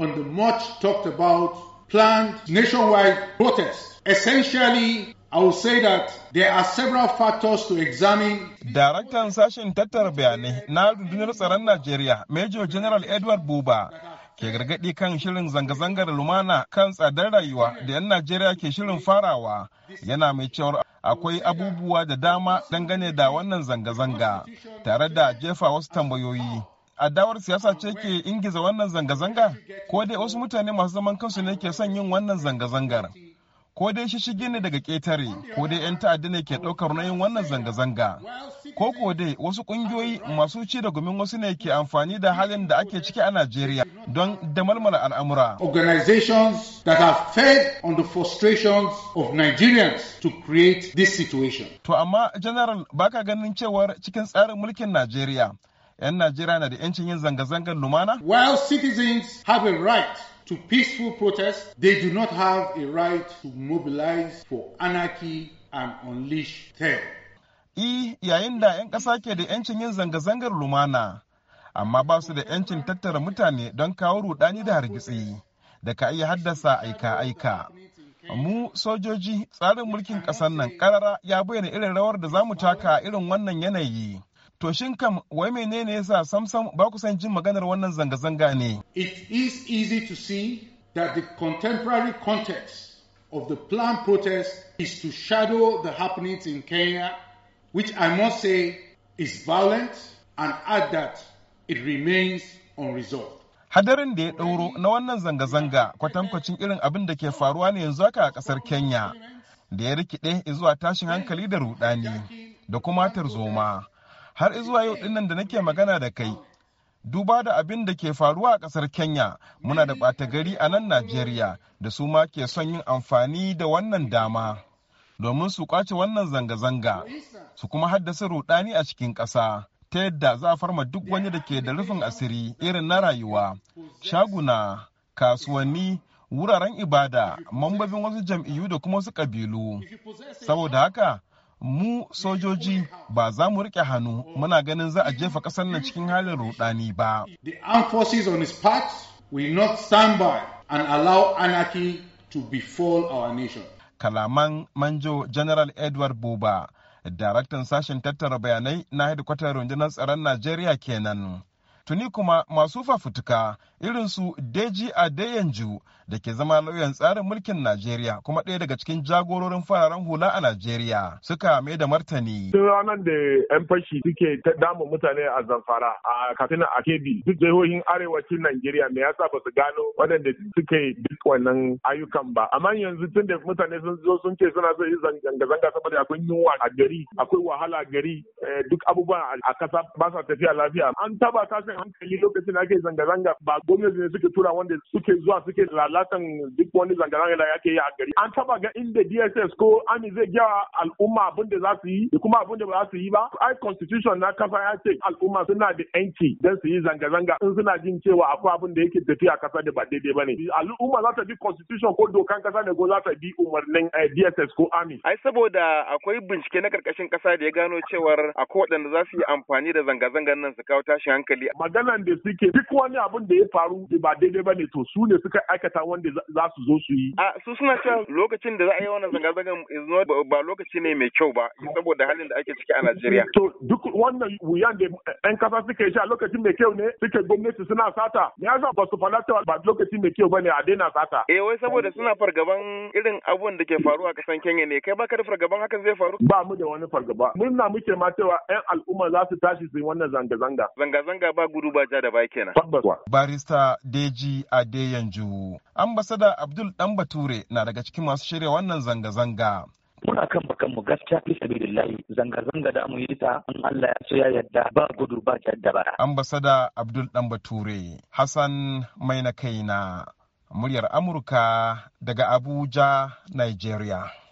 on the much talked about planned nationwide protest. Essentially, I will say that there are several factors to examine. Daraktan sashen tattara bayanai na rundunar tsaron Najeriya, Major General Edward Buba, ke gargaɗi kan shirin zanga-zangar lumana kan tsadar rayuwa da 'yan Najeriya ke shirin farawa, yana mai cewar akwai abubuwa da dama dangane da wannan zanga-zanga, tare da jefa wasu tambayoyi. adawar siyasa ce ke ingiza wannan zanga-zanga ko dai wasu mutane masu zaman kansu ne ke son yin wannan zanga-zangar ko dai shishigi ne daga ƙetare ko dai 'yan ta'adda ne ke ɗaukar nayin wannan zanga-zanga ko ko dai wasu ƙungiyoyi masu ci da gumin wasu ne ke amfani da halin da ake ciki a Najeriya don damalmala al'amura. Organizations that have fed on the frustrations of Nigerians to create this situation. To amma General baka ganin cewar cikin tsarin mulkin Najeriya 'yan Najeriya na da 'yancin yin zanga-zangar lumana? While citizens have a right to peaceful protest, they do not have a right to mobilize for anarchy and unleash terror. I yayin da 'yan ƙasa ke da 'yancin yin zanga-zangar lumana, amma ba su da 'yancin tattara mutane don kawo rudani da hargitsi da ka iya haddasa aika-aika. mu sojoji tsarin mulkin ƙasar nan ƙarara ya bayyana irin rawar da za mu taka irin wannan yanayi. To shin kam wai menene yasa samsam ba ku san jin maganar wannan zanga-zanga ne? It is easy to see that the contemporary context of the planned protest is to shadow the happenings in Kenya, which I must say is violent and add that it remains unresolved. hadarin da ya ɗauro na wannan zanga-zanga kwatankwacin irin abin da ke faruwa ne yanzu haka a ƙasar kenya da ya rikide zuwa tashin hankali da Ruɗani da kuma tarzoma har izuwa yau dinnan da nake magana da kai duba da abin da ke faruwa a kasar kenya muna da ɓata gari a nan najeriya da su ma ke son yin amfani da wannan dama domin su kwace wannan zanga-zanga su kuma haddasa rudani a cikin ƙasa ta yadda za a farma duk wani da ke da rufin asiri irin na rayuwa shaguna kasuwanni wuraren ibada mambobin wasu jam'iyyu da kuma wasu ƙabilu saboda haka mu sojoji ba za mu rike hannu muna ganin za a jefa ƙasar nan cikin halin rudani ba. The armed forces on his part will not stand by and allow anarchy to befall our nation. Kalaman Manjo General Edward Buba, daraktan sashen tattara bayanai na hedikwatar rundunar tsaron Najeriya kenan. tuni kuma masu fafutuka irin su Deji Adeyanju da ke zama lauyan tsarin mulkin Najeriya kuma ɗaya daga cikin jagororin fararen hula a Najeriya suka mai da martani. sun ranar da 'yan fashi suke damun mutane a Zamfara a kafin a duk jihohin arewacin Najeriya me yasa ba su gano waɗanda suke duk wannan ayyukan ba. Amma yanzu tun da mutane sun zo sun ce suna so yi zanga-zanga saboda akwai yunwa a gari akwai wahala gari eh, duk abubuwan a kasa ba sa tafiya lafiya. An taba kasan hankali lokacin da ake zanga-zanga ba gwamnati ne suke tura wanda suke zuwa suke lalatan duk wani zanga-zanga da ake yi a gari an taba ga inda DSS ko ami zai gyawa al'umma abin da za su yi da kuma abin da ba za su yi ba ai constitution na kasa ya ce al'umma suna da yanci don su yi zanga-zanga in suna jin cewa akwai abin da yake tafiya kasa da ba daidai ba ne al'umma za ta bi constitution ko dokan kasa ne ko za ta bi umarnin eh, DSS ko ami ai saboda akwai bincike na karkashin kasa da ya gano cewar akwai waɗanda za su yi amfani da zanga-zangan nan su kawo tashin hankali maganan da suke duk wani abin da ya faru ba daidai ba ne to su ne suka aikata wanda za su zo su yi. A su suna cewa lokacin da za a yi wannan zanga-zangan ba lokaci ne mai kyau ba saboda halin da ake ciki a Najeriya. To duk wannan wuyan da 'yan kasa suke sha lokacin mai kyau ne suke gwamnati suna sata. Me yasa ba su faɗa cewa ba lokaci mai kyau ba ne a daina sata. Eh wai saboda suna fargaban irin abubuwan da ke faruwa a kasan Kenya ne kai baka da fargaban hakan zai faru. Ba mu da wani fargaba. Murna muke ma cewa 'yan al'umma za su tashi su yi wannan zanga-zanga. Zanga-zanga ba gudu ba ja da kenan. Barista Deji Adeyanju. Ambasada Abdul Dan Bature na daga cikin masu shirya wannan zanga-zanga. muna kan bakan mu gaskiya fi sabilillahi zanga zanga da mu ta an Allah ya so ya yadda ba gudu ba jadda ba ambasada Abdul Dan Bature Hassan Maina Kaina muryar Amurka daga Abuja Nigeria